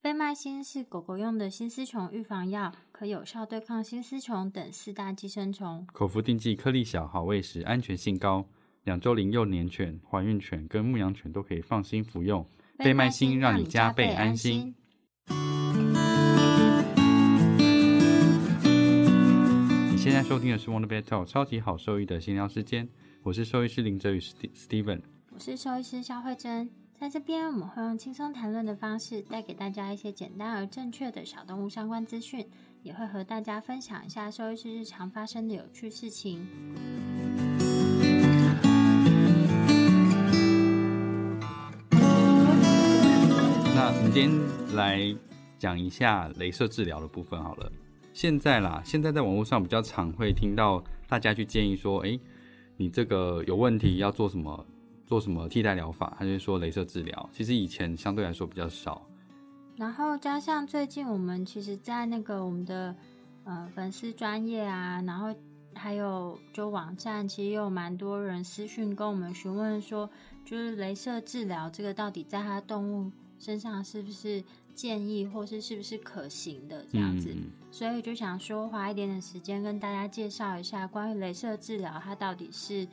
貝麥星是狗狗用的心絲蟲預防藥，可以有效對抗心絲蟲等四大寄生蟲。口服錠劑顆粒小，好餵食，安全性高。兩週齡幼年犬、懷孕犬跟牧羊犬都可以放心服用。貝麥星讓你加倍，安心，心你加倍安，心安心。你現在收聽的是 Wonder Pet 超級好獸醫的心聊時間，我是獸醫師林哲宇 Steven，我是獸醫師蕭慧珍。在這邊，我們會用輕鬆談論的方式，帶給大家一些簡單而正確的小動物相關資訊，也會和大家分享一下獸醫師日常發生的有趣事情。那我們今天來講一下雷射治療的部分好了。現在啦，現在在網絡上比較常會聽到大家去建議說：“哎、欸，你這個有問題要做什麼？”做什麼替代療法？他就說雷射治療。其實以前相對來說比較少，然後加上最近我們其實，在那個我們的呃粉絲專業啊，然後還有就網站，其實也有蠻多人私訊跟我們詢問說，就是雷射治療這個到底在它動物身上是不是建議，或是是不是可行的這樣子。嗯嗯，所以就想說花一點點時間跟大家介紹一下關於雷射治療，它到底是。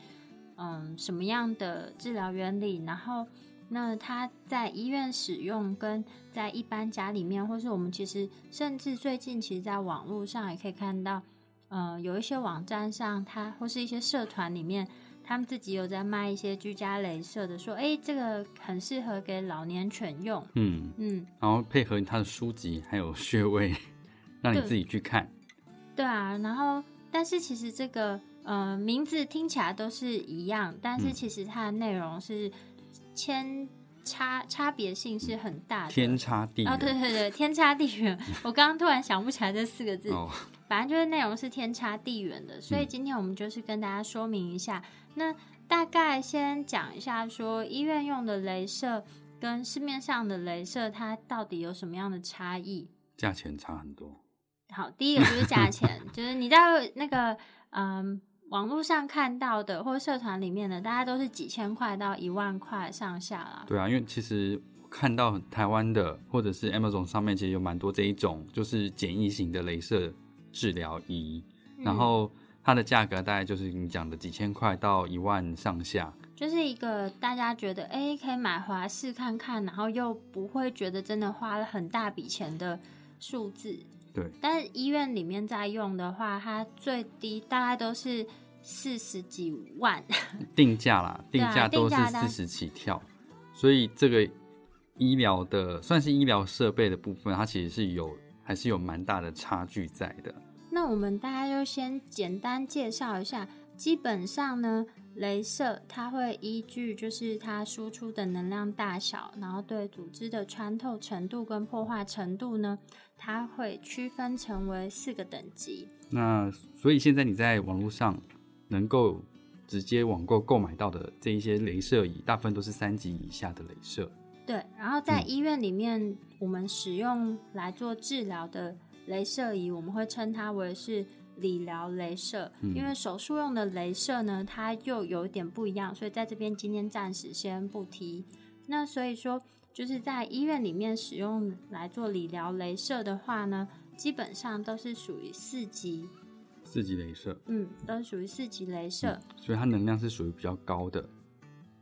嗯，什麼樣的治療原理？然後，那他在醫院使用，跟在一般家裡面，或是我們其實甚至最近，其實，在網絡上也可以看到，呃、嗯，有一些網站上他，他或是一些社團裡面，他們自己有在賣一些居家雷射的，說，哎、欸，這個很適合給老年犬用。嗯嗯，然後配合他的書籍，還有穴位，讓你自己去看對。對啊，然後，但是其實這個。嗯、呃，名字聽起來都是一樣，但是其實它的內容是天差差別性是很大的，天差地遠哦，對對對，天差地遠。 我剛剛突然想不起來這四個字，哦、反正就是內容是天差地遠的。所以今天我們就是跟大家說明一下，嗯、那大概先講一下說，說醫院用的雷射跟市面上的雷射，它到底有什麼樣的差異？價錢差很多。好，第一個就是價錢， 就是你知道那個嗯。網絡上看到的，或社團裡面的，大家都是幾千塊到一萬塊上下啦。對啊，因為其實看到台灣的，或者是 Amazon 上面，其實有蠻多這一種，就是簡易型的雷射治療儀，嗯，然後它的價格大概就是你講的幾千塊到一萬上下。就是一個大家覺得哎、欸，可以買回來試看看，然後又不會覺得真的花了很大筆錢的數字。對，但醫院裡面在用的話，它最低大概都是四十幾萬， 定價啦，定價、啊、都是四十起跳，所以這個醫療的算是醫療設備的部分，它其實是有還是有蠻大的差距在的。那我們大家就先簡單介紹一下。基本上呢，雷射它會依據就是它輸出的能量大小，然後對組織的穿透程度跟破壞程度呢，它會區分成為四個等級。那所以現在你在網絡上能夠直接網購購買到的這一些雷射儀，大部分都是三級以下的雷射。對，然後在醫院裡面、嗯、我們使用來做治療的雷射儀，我們會稱它為是。理療鐳射，因為手術用的鐳射呢，它又有點不一樣，所以在這邊今天暫時先不提。那所以說，就是在醫院裡面使用來做理療鐳射的話呢，基本上都是屬於四級，四級鐳射，嗯，都屬於四級鐳射，嗯，所以它能量是屬於比較高的。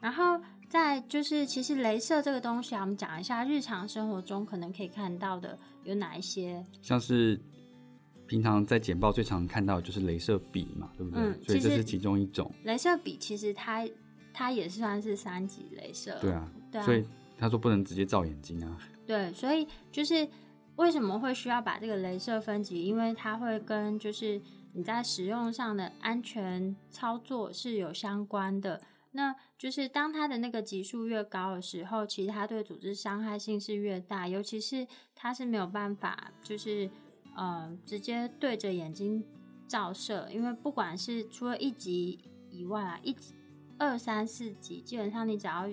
然後在就是，其實鐳射這個東西啊，我們講一下日常生活中可能可以看到的有哪一些，像是。平常在簡報最常看到的就是雷射筆嘛，對不對？嗯，所以這是其中一種。雷射筆其實它它也是算是三級雷射，對啊，對啊。所以他說不能直接照眼睛啊。對，所以就是為什麼會需要把這個雷射分級？因為它會跟就是你在使用上的安全操作是有相關的。那就是當它的那個級數越高的時候，其實它對組織傷害性是越大，尤其是它是沒有辦法就是。呃，直接對着眼睛照射，因為不管是除了一級以外啊，一級、二三四級，基本上你只要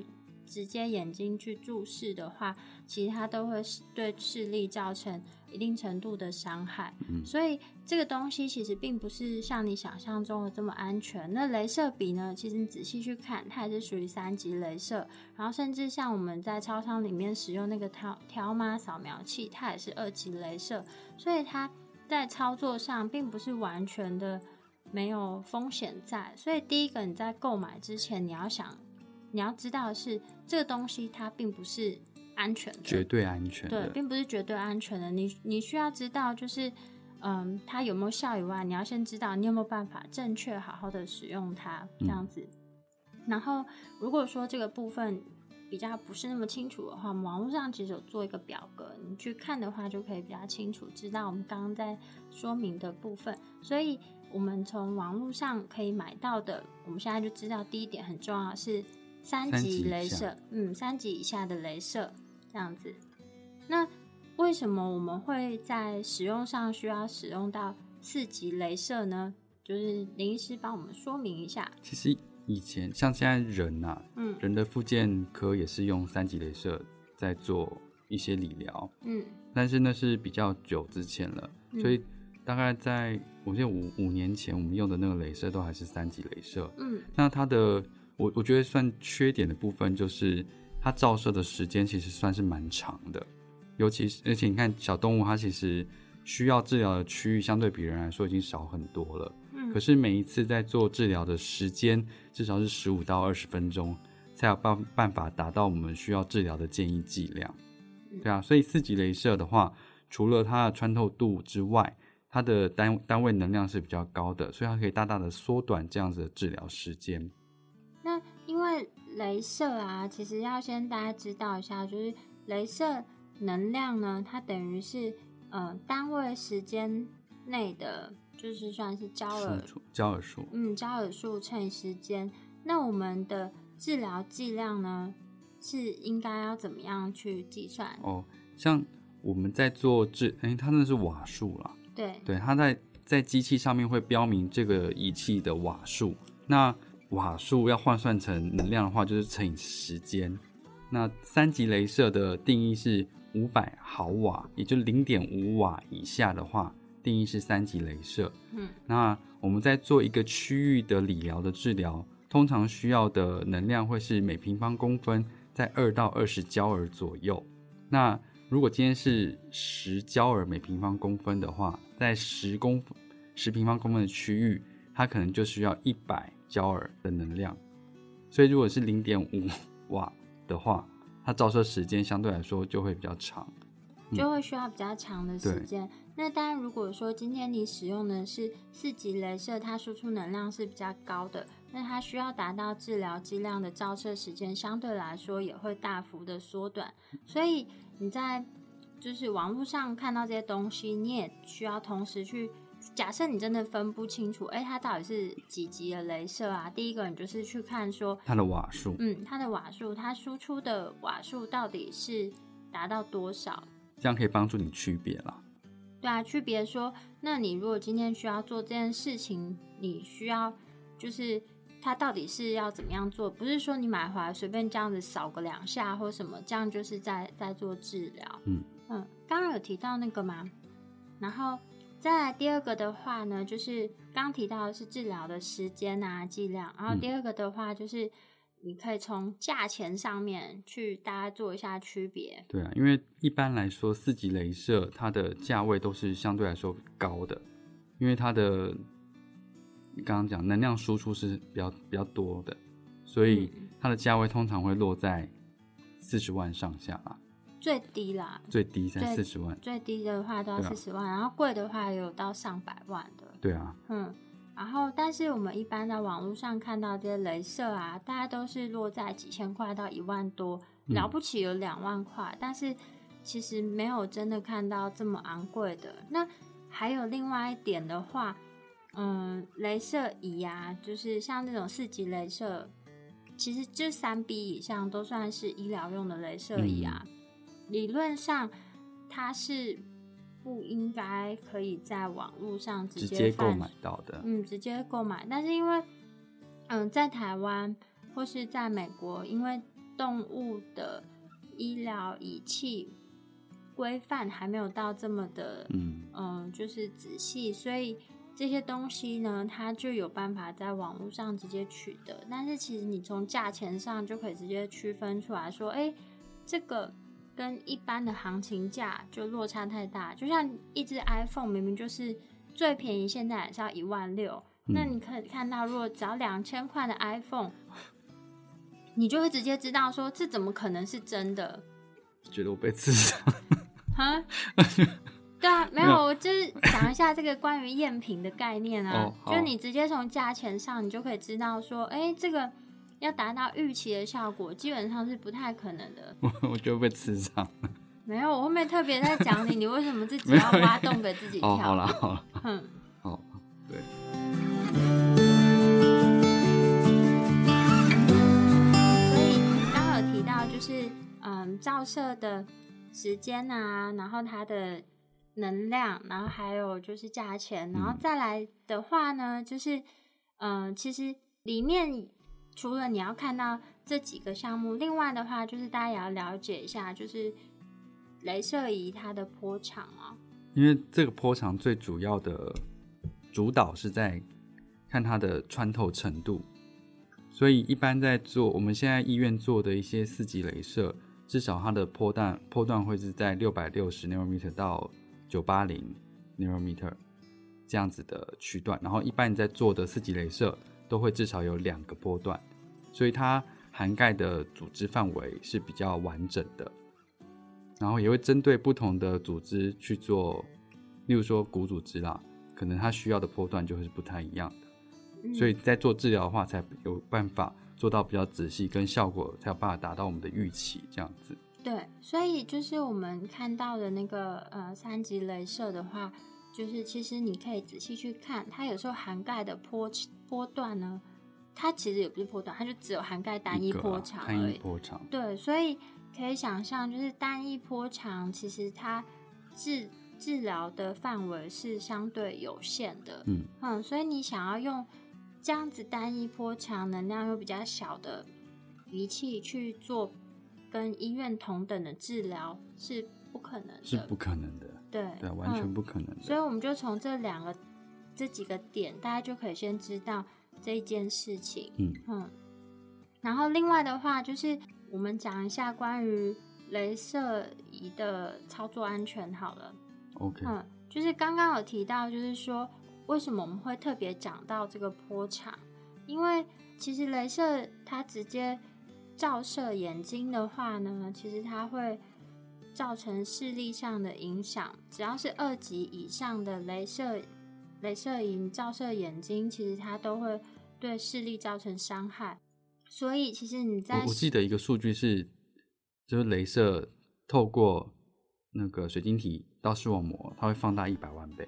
直接眼睛去注視的話，其他都會對視力造成。一定程度的傷害，所以這個東西其實並不是像你想象中的這麼安全。那鐳射筆呢？其實你仔細去看，它也是屬於三級鐳射，然後甚至像我們在超商裡面使用那個條條碼掃描器，它也是二級鐳射，所以它在操作上並不是完全的沒有風險在。所以第一個，你在購買之前，你要想，你要知道的是，這個東西它並不是。安全的，絕對安全。對，並不是絕對安全的。你你需要知道，就是，嗯，它有沒有效以外，你要先知道你有沒有辦法正確好好的使用它這樣子，嗯。然後，如果說這個部分比較不是那麼清楚的話，網絡上其實有做一個表格，你去看的話就可以比較清楚知道我們剛剛在說明的部分。所以我們從網絡上可以買到的，我們現在就知道第一點很重要的是三級雷射，嗯，三級以下的雷射。這樣子，那為什麼我們會在使用上需要使用到四級雷射呢？就是林醫師幫我們說明一下。其實以前像現在人啊嗯，人的復健科也是用三級雷射在做一些理療，嗯，但是那是比較久之前了，嗯，所以大概在我記得五五年前，我們用的那個雷射都還是三級雷射，嗯，那它的我我覺得算缺點的部分就是。它照射的時間其實算是蠻長的，尤其而且你看小動物，它其實需要治療的區域相對比人來說已經少很多了。嗯，可是每一次在做治療的時間至少是十五到二十分鐘，才有辦辦法達到我們需要治療的建議劑量。對啊，所以四級雷射的話，除了它的穿透度之外，它的單單位能量是比較高的，所以它可以大大的縮短這樣子的治療時間。雷射啊，其實要先大家知道一下，就是雷射能量呢，它等於是嗯、呃，單位時間內的就是算是焦耳，焦耳數，嗯，焦耳數乘以時間。那我們的治療劑量呢，是應該要怎麼樣去計算？哦，像我們在做治，哎，它那是瓦數啦，對，對，它在在機器上面會標明這個儀器的瓦數。那瓦數要換算成能量的話，就是乘以時間。那三級雷射的定義是五百毫瓦，也就零點五瓦以下的話，定義是三級雷射。嗯。那我們在做一個區域的理療的治療，通常需要的能量會是每平方公分在二到二十焦耳左右。那如果今天是十焦耳每平方公分的話，在十公十平方公分的區域，它可能就需要一百。焦耳的能量，所以如果是零點五瓦的話，它照射時間相對來說就會比較長，嗯、就會需要比較長的時間。那當然，如果說今天你使用的是四級雷射，它輸出能量是比較高的，那它需要達到治療劑量的照射時間，相對來說也會大幅的縮短。所以你在就是網絡上看到這些東西，你也需要同時去。假設你真的分不清楚，哎、欸，它到底是幾級的雷射啊？第一個，你就是去看說它的瓦數，嗯，它的瓦數，它輸出的瓦數到底是達到多少？這樣可以幫助你區別了。對啊，區別說，那你如果今天需要做這件事情，你需要就是它到底是要怎麼樣做？不是說你買回來隨便這樣子掃個兩下或什麼，這樣就是在在做治療。嗯嗯，剛剛有提到那個嗎？然後。再來第二個的話呢，就是剛剛提到的是治療的時間啊、劑量，然後第二個的話就是你可以從價錢上面去大家做一下區別。對啊，因為一般來說四級雷射它的價位都是相對來說高的，因為它的你剛剛講能量輸出是比較比較多的，所以它的價位通常會落在四十萬上下吧。最低啦，最低才四十萬最。最低的話都要四十萬、啊，然後貴的話也有到上百萬的。對啊。嗯，然後但是我們一般在網絡上看到這些雷射啊，大家都是落在幾千塊到一萬多、嗯，了不起有兩萬塊，但是其實沒有真的看到這麼昂貴的。那還有另外一點的話，嗯，雷射儀啊，就是像那種四級雷射，其實這三 B 以上都算是醫療用的雷射儀啊。嗯理論上，它是不應該可以在網絡上直接購買到的。嗯，直接購買，但是因為，嗯，在台灣或是在美國，因為動物的醫療儀器規範還沒有到這麼的，嗯嗯，就是仔細，所以這些東西呢，它就有辦法在網絡上直接取得。但是其實你從價錢上就可以直接區分出來說，欸，這個。跟一般的行情價就落差太大，就像一只 iPhone，明明就是最便宜，現在還是要一萬六、嗯。那你可以看到，如果只要兩千塊的 iPhone，你就會直接知道說，這怎麼可能是真的？覺得我被刺激了哈， 對啊沒，沒有，我就是講一下這個關於贗品的概念啊， 就你直接從價錢上，你就可以知道說，哎、欸，這個。要達到預期的效果，基本上是不太可能的。我我就被刺傷。沒有，我後面特別在講你，你為什麼自己要挖洞給自己跳？哦、 oh,，好了好了。嗯，好、oh, 對。所以剛剛有提到就是，嗯，照射的時間啊，然後它的能量，然後還有就是價錢，然後再來的話呢，就是，嗯，其實裡面。除了你要看到這幾個項目，另外的話就是大家也要了解一下，就是鐳射儀它的波長啊、哦。因為這個波長最主要的主導是在看它的穿透程度，所以一般在做我們現在醫院做的一些四級鐳射，至少它的波段波段會是在六百六十 nm 到九八零 Nm 這樣子的區段，然後一般你在做的四級鐳射。都會至少有兩個波段，所以它涵蓋的組織範圍是比較完整的。然後也會針對不同的組織去做，例如說骨組織啦，可能它需要的波段就會是不太一樣的。所以在做治療的話，才有辦法做到比較仔細跟效果，才有辦法達到我們的預期這樣子。對，所以就是我們看到的那個呃三級雷射的話，就是其實你可以仔細去看，它有時候涵蓋的波波段呢，它其實也不是波段，它就只有涵蓋單一波長而已，啊。單一波長。對，所以可以想象，就是單一波長其實它治治療的範圍是相對有限的。嗯，嗯，所以你想要用這樣子單一波長、能量又比較小的儀器去做跟醫院同等的治療是不可能的。是不可能的。對，對、嗯，完全不可能。所以我們就從這兩個、這幾個點，大家就可以先知道這一件事情。嗯。嗯。然後另外的話，就是我們講一下關於雷射儀的操作安全好了。OK。嗯，就是剛剛有提到，就是說為什麼我們會特別講到這個波長？因為其實雷射它直接照射眼睛的話呢，其實它會。造成視力上的影響，只要是二級以上的雷射，雷射影照射眼睛，其實它都會對視力造成傷害。所以，其實你在，我記得一個數據是，就是雷射透過那個水晶體到視網膜，它會放大一百萬倍。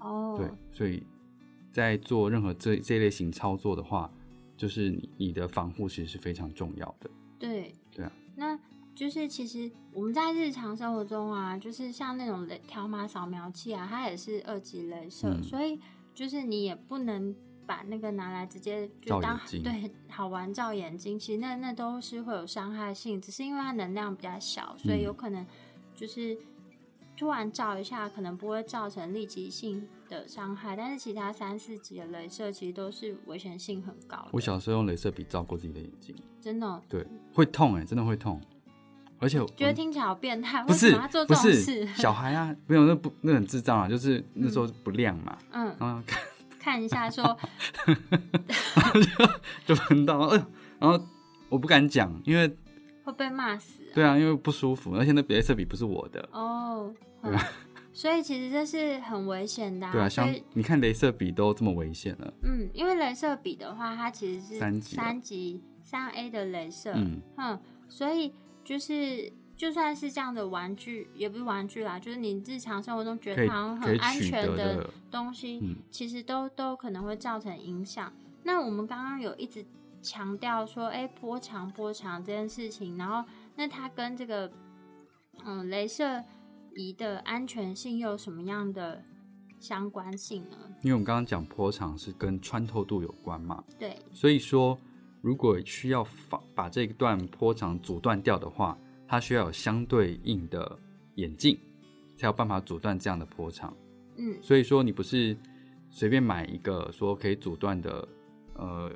哦、oh.，對，所以在做任何這這類型操作的話，就是你，你的防護其實是非常重要的。對，對啊，那。就是其實我們在日常生活中啊，就是像那種雷條碼掃描器啊，它也是二級雷射，嗯，所以就是你也不能把那個拿來直接就當對好玩照眼睛。其實那那都是會有傷害性，只是因為它能量比較小，所以有可能就是突然照一下，可能不會造成立即性的傷害。但是其他三四級的雷射其實都是危險性很高的。我小時候用雷射筆照過自己的眼睛，真的，喔，對會痛哎，欸，真的會痛。而且我覺得聽起來好變態，不是？為什麼要做這種事？小孩啊，沒有那不那很智障啊，就是、嗯、那時候不亮嘛，嗯，然後看看一下說， 就就噴到、呃，然後我不敢講，因為會被罵死、啊。對啊，因為不舒服，而且那鐳射筆不是我的哦，對啊、嗯，所以其實這是很危險的、啊，對啊。對啊，像你看鐳射筆都這麼危險了，嗯，因為鐳射筆的話，它其實是三級、三級、三 A 的鐳射，嗯，所以。就是就算是這樣的玩具，也不是玩具啦，就是你日常生活中覺得好像很安全的東西，嗯、其實都都可能會造成影響。那我們剛剛有一直強調說，哎、欸，波長波長這件事情，然後那它跟這個嗯，雷射儀的安全性又有什麼樣的相關性呢？因為我們剛剛講波長是跟穿透度有關嘛，對，所以說。如果需要防把這一段波長阻斷掉的話，它需要有相對應的眼鏡，才有辦法阻斷這樣的波長。嗯，所以說你不是隨便買一個說可以阻斷的，呃，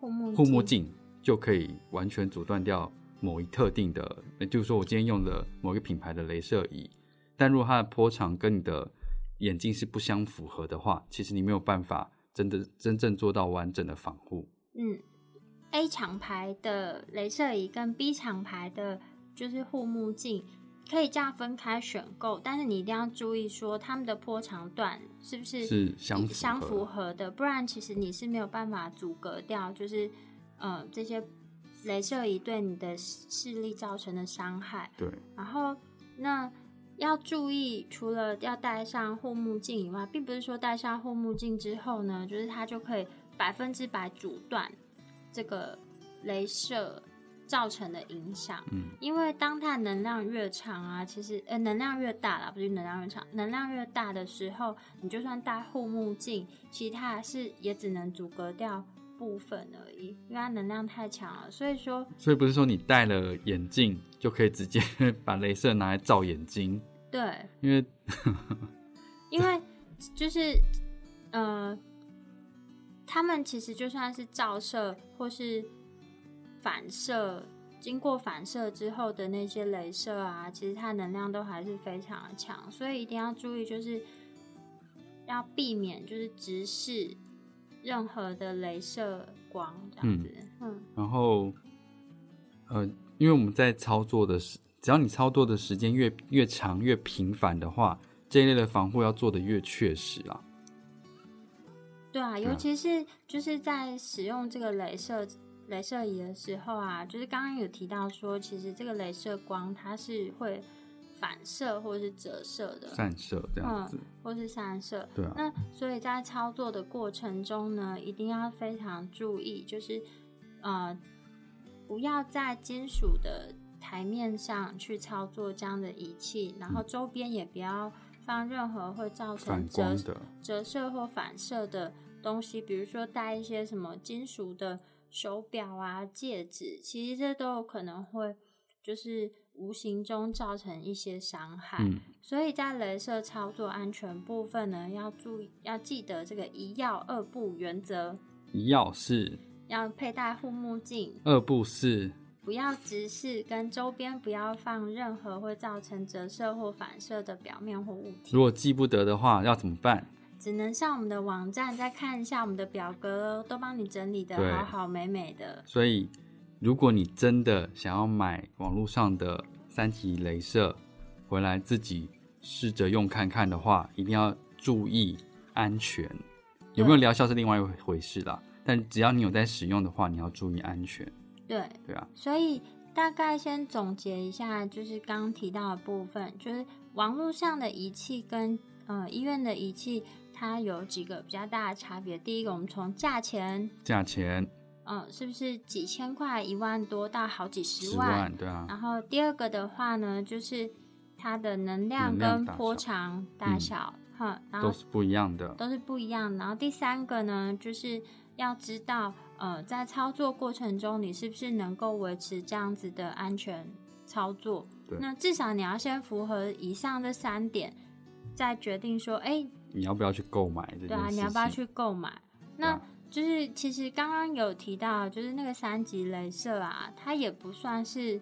護目護目鏡就可以完全阻斷掉某一特定的、欸，就是說我今天用的某一個品牌的雷射儀，但如果它的波長跟你的眼鏡是不相符合的話，其實你沒有辦法真的真正做到完整的防護。嗯。A 廠牌的雷射儀跟 B 廠牌的，就是護目鏡，可以這樣分開選購，但是你一定要注意說，他們的波長段是不是相相符合的，不然其實你是沒有辦法阻隔掉，就是呃這些雷射儀對你的視力造成的傷害。對，然後那要注意，除了要戴上護目鏡以外，並不是說戴上護目鏡之後呢，就是它就可以百分之百阻斷，這個雷射造成的影響、嗯，因為當它的能量越長啊，其實呃，能量越大啦。不就能量越長，能量越大的時候，你就算戴護目鏡，其實還是也只能阻隔掉部分而已，因為它能量太強了，所以說，所以不是說你戴了眼鏡就可以直接把雷射拿來照眼睛，對，因為 因為就是呃。他們其實就算是照射或是反射，經過反射之後的那些雷射啊，其實它能量都還是非常的強，所以一定要注意，就是要避免就是直視任何的雷射光這樣子。嗯。嗯，然後呃，因為我們在操作的時，只要你操作的時間越越長、越頻繁的話，這一類的防護要做得越確實啊。對啊，尤其是就是在使用這個雷射、啊、雷射儀的時候啊，就是剛剛有提到說，其實這個雷射光它是會反射或者是折射的，散射這樣子、嗯，或是散射。對啊。那所以在操作的過程中呢，一定要非常注意，就是呃，不要在金屬的台面上去操作這樣的儀器，然後周邊也不要。放任何會造成折折射或反射的東西，比如說戴一些什麼金屬的手錶啊、戒指，其實這都有可能會，就是無形中造成一些傷害、嗯。所以在雷射操作安全部分呢，要注意要記得這個一要二不原則。一要是要佩戴護目鏡。二不是。不要直視，跟周邊不要放任何會造成折射或反射的表面或物品。如果記不得的話，要怎麼辦？只能上我們的網站再看一下我們的表格，都幫你整理的好好美美的。所以，如果你真的想要買網路上的三級雷射回來自己試着用看看的話，一定要注意安全。有沒有療效是另外一回事啦，但只要你有在使用的話，你要注意安全。對，對啊。所以大概先總結一下，就是剛剛提到的部分，就是網絡上的儀器跟呃醫院的儀器，它有幾個比較大的差別。第一個，我們從價錢，價錢，嗯、呃，是不是幾千塊、一萬多到好幾十萬,十萬？對啊。然後第二個的話呢，就是它的能量跟波長大小，哈、嗯嗯，都是不一樣的，都是不一樣的。然後第三個呢，就是要知道。呃，在操作過程中，你是不是能夠維持這樣子的安全操作？對。那至少你要先符合以上這三點，再決定說，哎、欸，你要不要去購買？對啊，你要不要去購買？那、啊、就是其實剛剛有提到，就是那個三級雷射啊，它也不算是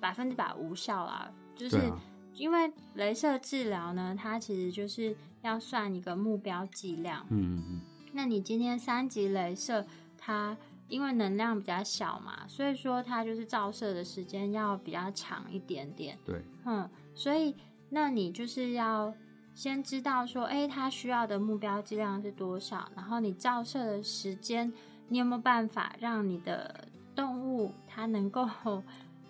百分之百無效啊。就是因為雷射治療呢，它其實就是要算一個目標劑量。嗯嗯嗯。那你今天三級雷射？它因為能量比較小嘛，所以說它就是照射的時間要比較長一點點。對，嗯，所以那你就是要先知道說，哎，它需要的目標劑量是多少，然後你照射的時間，你有沒有辦法讓你的動物它能夠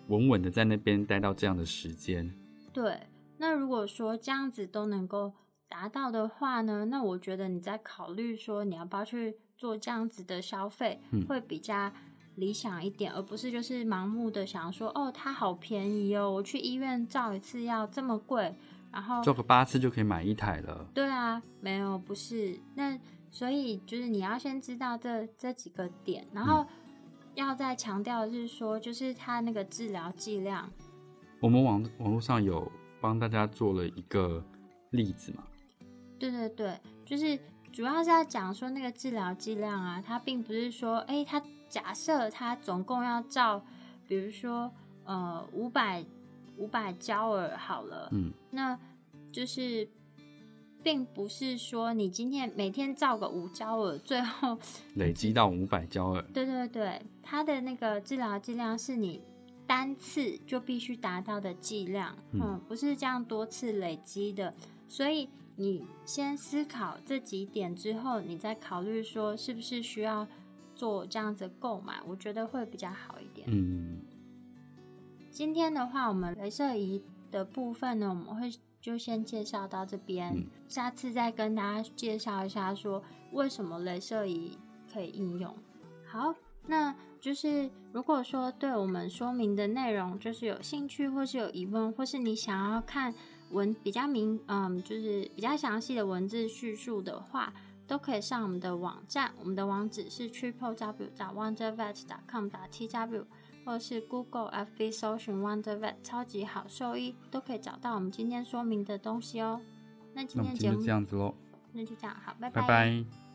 穩穩的在那邊待到這樣的時間？對，那如果說這樣子都能夠。達到的話呢，那我覺得你在考慮說你要不要去做這樣子的消費，會比較理想一點，嗯，而不是就是盲目的想說哦，它好便宜哦，我去醫院照一次要這麼貴，然後做個八次就可以買一台了。對啊，沒有不是，那所以就是你要先知道這這幾個點，然後、嗯、要再強調的是說，就是它那個治療劑量。我們網網絡上有幫大家做了一個例子嘛。對對對，就是主要是要講說那個治療劑量啊，它並不是說，哎、欸，它假設它總共要照，比如說呃五百五百焦耳好了，嗯，那就是，並不是說你今天每天照個五焦耳，最後累積到五百焦耳， 對對對，它的那個治療劑量是你單次就必須達到的劑量，嗯，嗯，不是這樣多次累積的，所以。你先思考這幾點之後，你再考慮說是不是需要做這樣子購買，我覺得會比較好一點。嗯。今天的話，我們雷射儀的部分呢，我們會就先介紹到這邊，嗯。下次再跟大家介紹一下說為什麼雷射儀可以應用。好，那就是如果說對我們說明的內容就是有興趣，或是有疑問，或是你想要看。文比較明，嗯，就是比較詳細的文字敘述的話，都可以上我們的網站，我們的網址是 triple w dot wondervet dot com dot t w 或者是 Google F B 搜尋 wondervet 超級好獸醫，都可以找到我們今天說明的東西哦。那今天節目，那今天就這樣子嘍，那就這樣，好，拜拜。拜拜。